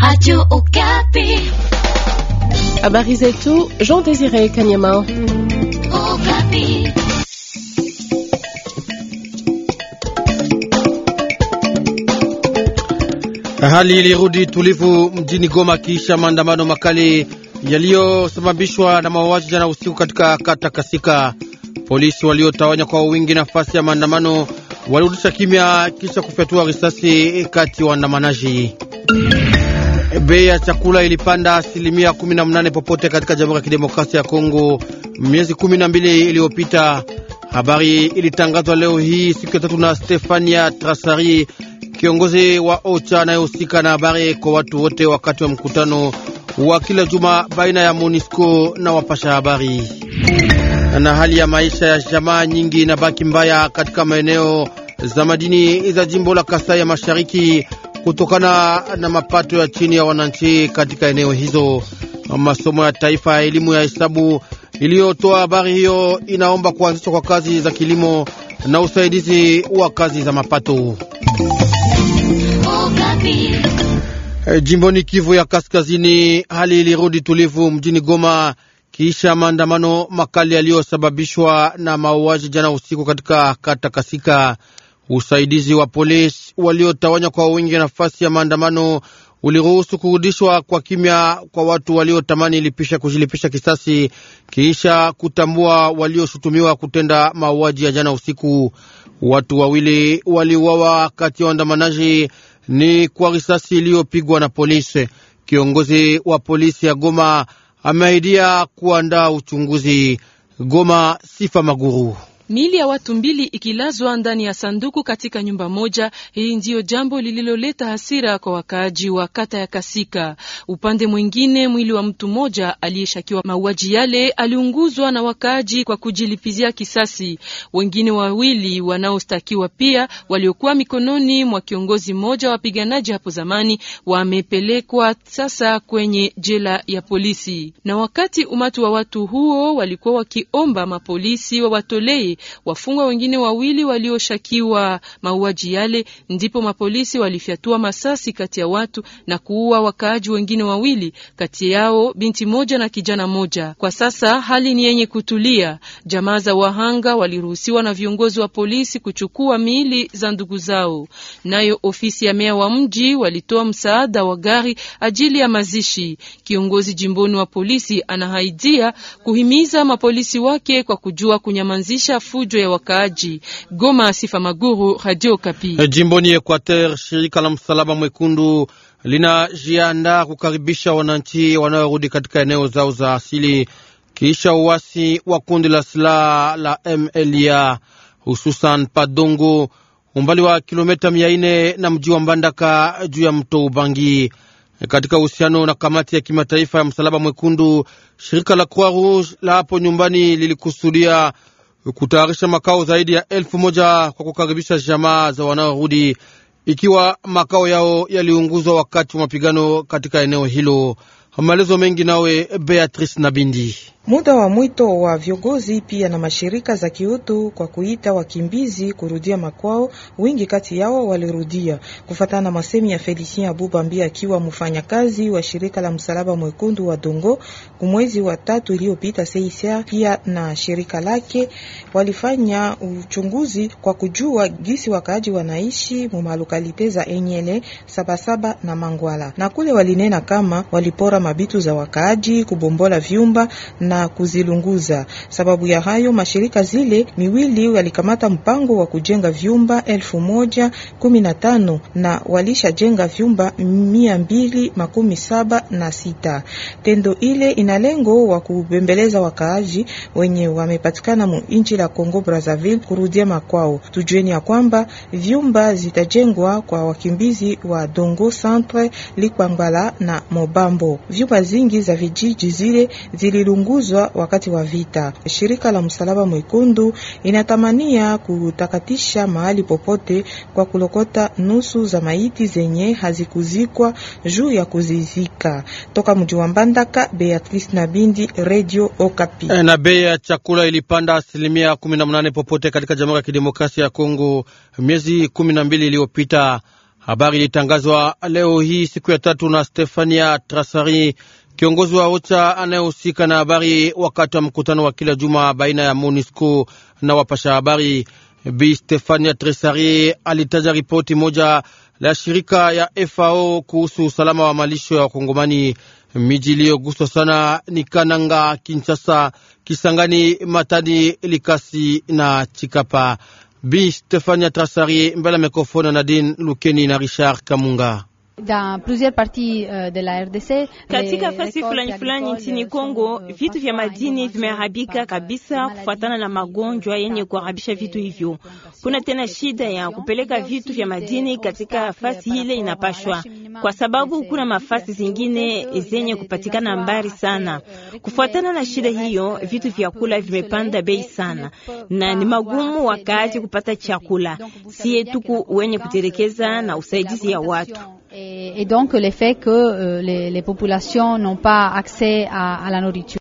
Radio Okapi. Habari zetu, Jean Désiré Kanyama. Okapi. Hali ilirudi tulivu mjini Goma kisha maandamano makali yaliyosababishwa na mauaji jana usiku katika kata Kasika. Polisi waliotawanya kwa wingi nafasi ya maandamano walirudisha kimya kisha kufyatua risasi kati ya waandamanaji. Bei ya chakula ilipanda asilimia 18 popote katika Jamhuri ya Kidemokrasia ya Kongo miezi 12 iliyopita. Habari ilitangazwa leo hii siku ya tatu na Stefania Trasari, kiongozi wa OCHA anayehusika na habari kwa watu wote, wakati wa mkutano wa kila juma baina ya MONUSCO na wapasha habari. Na hali ya maisha ya jamaa nyingi inabaki mbaya katika maeneo za madini za jimbo la Kasai ya Mashariki kutokana na mapato ya chini ya wananchi katika eneo hizo. Masomo ya taifa ya elimu ya hesabu iliyotoa habari hiyo inaomba kuanzishwa kwa kazi za kilimo na usaidizi wa kazi za mapato. Eh, jimboni Kivu ya Kaskazini, hali ilirudi tulivu mjini Goma kisha maandamano makali yaliyosababishwa na mauaji jana usiku katika kata Kasika. Usaidizi wa polisi waliotawanywa kwa wingi nafasi ya maandamano uliruhusu kurudishwa kwa kimya kwa watu waliotamani lipisha kujilipisha kisasi kisha kutambua walioshutumiwa kutenda mauaji ya jana usiku. Watu wawili waliuawa kati ya waandamanaji ni kwa risasi iliyopigwa na polisi. Kiongozi wa polisi ya Goma ameahidia kuandaa uchunguzi. Goma, Sifa Maguru. Miili ya watu mbili ikilazwa ndani ya sanduku katika nyumba moja. Hii ndiyo jambo lililoleta hasira kwa wakaaji wa kata ya Kasika. Upande mwingine, mwili wa mtu mmoja aliyeshakiwa mauaji yale aliunguzwa na wakaaji kwa kujilipizia kisasi. Wengine wawili wanaostakiwa pia waliokuwa mikononi mwa kiongozi mmoja wa wapiganaji hapo zamani wamepelekwa sasa kwenye jela ya polisi, na wakati umati wa watu huo walikuwa wakiomba mapolisi wawatolee wafungwa wengine wawili walioshakiwa mauaji yale, ndipo mapolisi walifyatua masasi kati ya watu na kuua wakaaji wengine wawili, kati yao binti moja na kijana moja. Kwa sasa hali ni yenye kutulia. Jamaa za wahanga waliruhusiwa na viongozi wa polisi kuchukua miili za ndugu zao. Nayo ofisi ya meya wa mji walitoa msaada wa gari ajili ya mazishi. Kiongozi jimboni wa polisi anahaidia kuhimiza mapolisi wake kwa kujua kunyamanzisha fujo ya wakaaji. Goma, Sifa Maguru, Radio Kapi. Eh, jimboni Equateur, shirika la Msalaba Mwekundu linajiandaa kukaribisha wananchi wanaorudi katika eneo zao za asili kisha uwasi wa kundi la silaha la MLA hususan Padongo, umbali wa kilomita mia nne na mji wa Mbandaka juu ya mto Ubangi. Katika uhusiano na kamati ya kimataifa ya msalaba mwekundu, shirika la Croix Rouge la hapo nyumbani lilikusudia kutayarisha makao zaidi ya elfu moja kwa kukaribisha jamaa za wanaorudi, ikiwa makao yao yaliunguzwa wakati wa mapigano katika eneo hilo. Maelezo mengi nawe Beatrice Nabindi. Muda wa mwito wa viongozi pia na mashirika za kiutu kwa kuita wakimbizi kurudia makwao, wingi kati yao walirudia. Kufatana na masemi ya Felicien Abubambi akiwa mfanyakazi wa shirika la msalaba mwekundu wa Dongo, kumwezi wa tatu iliyopita, CICR pia na shirika lake walifanya uchunguzi kwa kujua gisi wakaaji wanaishi mumalokalite za Enyele, Sabasaba na Mangwala, na kule walinena kama walipora mabitu za wakaaji, kubombola vyumba na na kuzilunguza. Sababu ya hayo, mashirika zile miwili yalikamata mpango wa kujenga vyumba elfu moja kumi na tano na walishajenga vyumba mia mbili makumi saba na sita. Tendo ile ina lengo wa kubembeleza wakaaji wenye wamepatikana mu nchi la Kongo Brazzaville kurudia makwao. Tujueni ya kwamba vyumba zitajengwa kwa wakimbizi wa Dongo Centre, Likwangala na Mobambo. Vyumba zingi za vijiji zile zililunguzwa kuteketezwa wakati wa vita. Shirika la Msalaba Mwekundu inatamania kutakatisha mahali popote kwa kulokota nusu za maiti zenye hazikuzikwa juu ya kuzizika. Toka mji wa Mbandaka, Beatrice Nabindi, Radio Okapi. Eh, na bei ya chakula ilipanda asilimia 18 popote katika Jamhuri ya Kidemokrasia ya Kongo miezi 12 iliyopita. Habari ilitangazwa leo hii siku ya tatu na Stefania Trasari Kiongozi wa OCHA anayehusika na habari wakati wa mkutano wa kila juma baina ya MONUSCO na wapasha habari, Bi Stefania Tresari alitaja ripoti moja la shirika ya FAO kuhusu usalama wa malisho ya Wakongomani. Miji iliyoguswa sana ni Kananga, Kinshasa, Kisangani, Matadi, Likasi na Chikapa. Bi Stefania Trasari mbele ya mikrofoni Nadine Lukeni na Richard Kamunga dans plusieurs parties euh, de la RDC. Katika fasi fulani fulani nchini euh, Kongo, euh, vitu vya madini vimeharibika kabisa kufuatana na magonjwa yenye kuharibisha vitu hivyo. Kuna tena shida ya kupeleka vitu vya madini katika fasi ile inapashwa, kwa sababu kuna mafasi zingine zenye kupatikana mbali sana. Kufuatana na shida hiyo, vitu vya kula vimepanda bei sana na ni magumu wakati kupata chakula. si yetuku wenye kuterekeza na usaidizi ya watu Et, et donc le fait que euh, les, les, populations n'ont pas accès à, à la nourriture.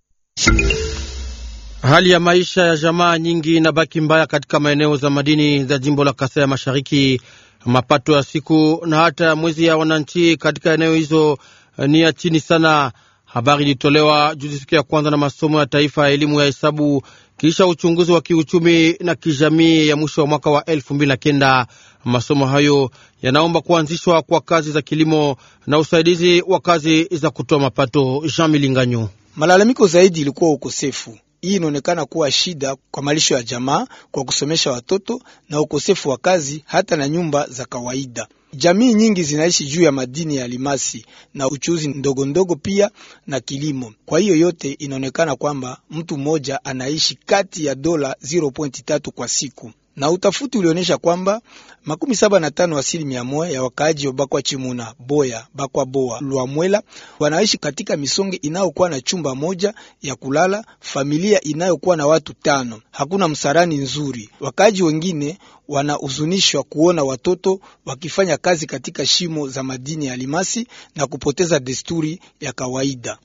Hali ya maisha ya jamaa nyingi inabaki mbaya katika maeneo za madini za jimbo la Kasai ya Mashariki. Mapato ya siku na hata mwezi ya wananchi katika eneo hizo eh, ni ya chini sana. Habari ilitolewa juzi siku ya kwanza na masomo ya taifa ya elimu ya hesabu kisha uchunguzi wa kiuchumi na kijamii ya mwisho wa mwaka wa elfu mbili na kenda Masomo hayo yanaomba kuanzishwa kwa kazi za kilimo na usaidizi wa kazi za kutoa mapato. Jean Milinganyo. Malalamiko zaidi ilikuwa ukosefu hii inaonekana kuwa shida kwa malisho ya jamaa, kwa kusomesha watoto na ukosefu wa kazi hata na nyumba za kawaida. Jamii nyingi zinaishi juu ya madini ya limasi na uchuzi ndogo ndogo, pia na kilimo. Kwa hiyo yote inaonekana kwamba mtu mmoja anaishi kati ya dola 0.3 kwa siku na utafuti ulionyesha kwamba makumi saba na tano asilimia moja ya wakaaji wa Bakwa Chimuna Boya, Bakwa Boa, Lwamwela wanaishi katika misonge inayokuwa na chumba moja ya kulala, familia inayokuwa na watu tano. Hakuna msarani nzuri. Wakaaji wengine wanahuzunishwa kuona watoto wakifanya kazi katika shimo za madini ya alimasi na kupoteza desturi ya kawaida.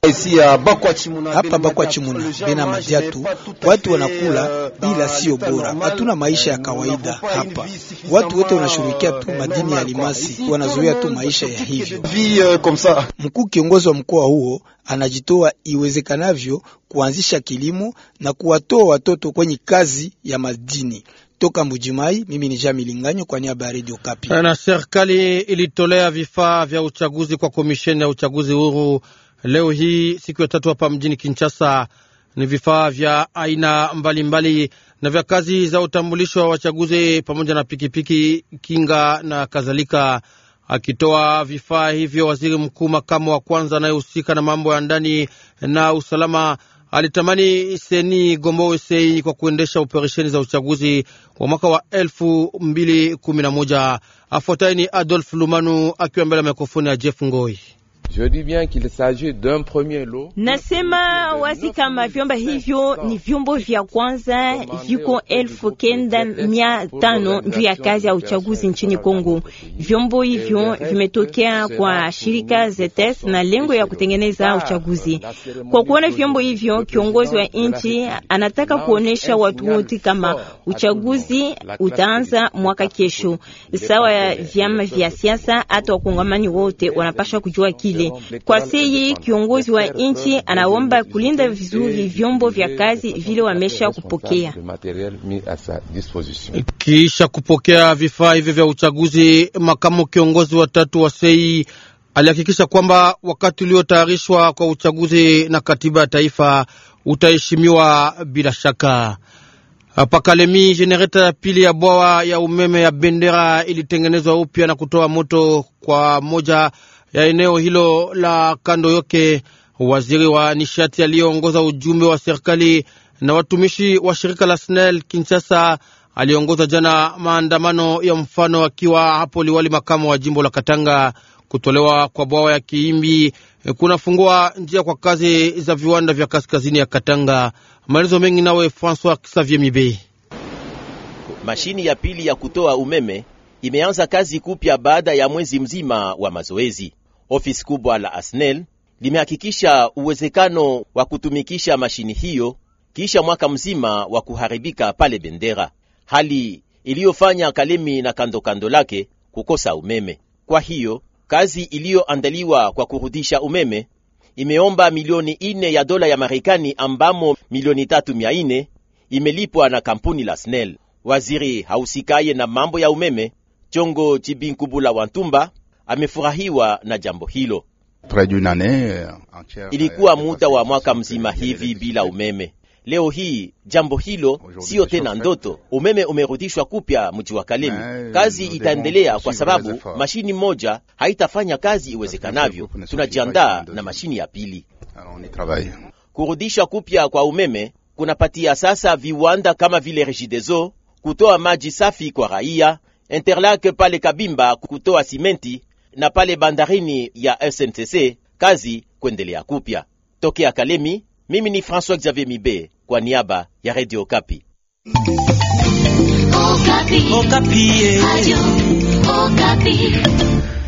Hapa Bakwa Chimuna Bena Madiatu watu wanakula bila, sio bora. Hatuna maisha ya kawaida hapa, watu wote wanashirikia tu madini ya alimasi, wanazoea tu maisha ya hivyo. Eh, Mkuu kiongozi wa mkoa huo anajitoa iwezekanavyo kuanzisha kilimo na kuwatoa watoto kwenye kazi ya madini Toka Mbujimai, mimi ni Jami Linganyo kwa niaba ya Radio Kapi. Na serikali ilitolea vifaa vya uchaguzi kwa komisheni ya uchaguzi huru leo hii siku ya tatu hapa mjini Kinshasa. Ni vifaa vya aina mbalimbali mbali, na vya kazi za utambulisho wa wachaguzi pamoja na pikipiki piki, kinga na kadhalika. Akitoa vifaa hivyo, waziri mkuu makamu wa kwanza anayehusika na mambo ya ndani na usalama alitamani seni Gombo sei kwa kuendesha operesheni za uchaguzi wa mwaka wa elfu mbili kumi na moja. ni Adolf Lumanu akiwa mbele ya mikrofoni ya Jeff Ngoi. Je dis bien qu'il s'agit d'un premier lot. Nasema wazi kama vyomba hivyo ni vyombo vya kwanza viko elfu kenda mia tano juu ya kazi ya uchaguzi nchini Kongo. Vyombo hivyo vimetokea kwa shirika ZTS na lengo ya kutengeneza uchaguzi. Kwa kuona vyombo hivyo, kiongozi wa nchi anataka kuonesha watu wote kama uchaguzi utaanza mwaka kesho, sawa ya vyama vya siasa, hata wakongamani wote wanapasha kujua kile mbili. Kwa seye kiongozi wa nchi anaomba kulinda vizuri vyombo vya kazi vile wamesha kupokea. Kisha kupokea vifaa hivyo vya uchaguzi, makamu kiongozi wa tatu wa sei alihakikisha kwamba wakati uliotayarishwa kwa uchaguzi na katiba ya taifa utaheshimiwa bila shaka. Hapa Kalemi, jenereta ya pili ya bwawa ya umeme ya Bendera ilitengenezwa upya na kutoa moto kwa moja ya eneo hilo la kando yoke. Waziri wa nishati aliyeongoza ujumbe wa serikali na watumishi wa shirika la SNEL Kinshasa aliongoza jana maandamano ya mfano, akiwa hapo liwali makamu wa jimbo la Katanga. Kutolewa kwa bwawa ya Kiimbi kunafungua njia kwa kazi za viwanda vya kaskazini ya Katanga. Maelezo mengi nawe Francois Xavier Mibe. Mashini ya pili ya kutoa umeme imeanza kazi kupya baada ya mwezi mzima wa mazoezi. Ofisi kubwa la Asnel limehakikisha uwezekano wa kutumikisha mashini hiyo kisha mwaka mzima wa kuharibika pale Bendera, hali iliyofanya Kalemi na kando kando lake kukosa umeme. Kwa hiyo kazi iliyoandaliwa kwa kurudisha umeme imeomba milioni ine ya dola ya Marekani, ambamo milioni tatu mia ine imelipwa na kampuni la Snell. Waziri hausikaye na mambo ya umeme Chongo Chibinkubula ntumba amefurahiwa na jambo hilo. Eh, eh, Ilikuwa eh, muda wa mwaka mzima hivi bila umeme. Leo hii jambo hilo siyo tena ndoto. Umeme umerudishwa kupya mji wa Kalemi. Kazi itaendelea kwa sababu mashini moja haitafanya kazi iwezekanavyo. Tunajiandaa na mashini ya pili. Kurudisha kupya kwa umeme kunapatia sasa viwanda kama vile Regideso kutoa maji safi kwa raia, Interlake pale Kabimba kutoa simenti na pale bandarini ya SNCC kazi kuendelea kupya. Tokea Kalemi, mimi ni François Xavier Mibe kwa niaba ya Radio Kapi. Okapi. Okapi. Okapi. Eh.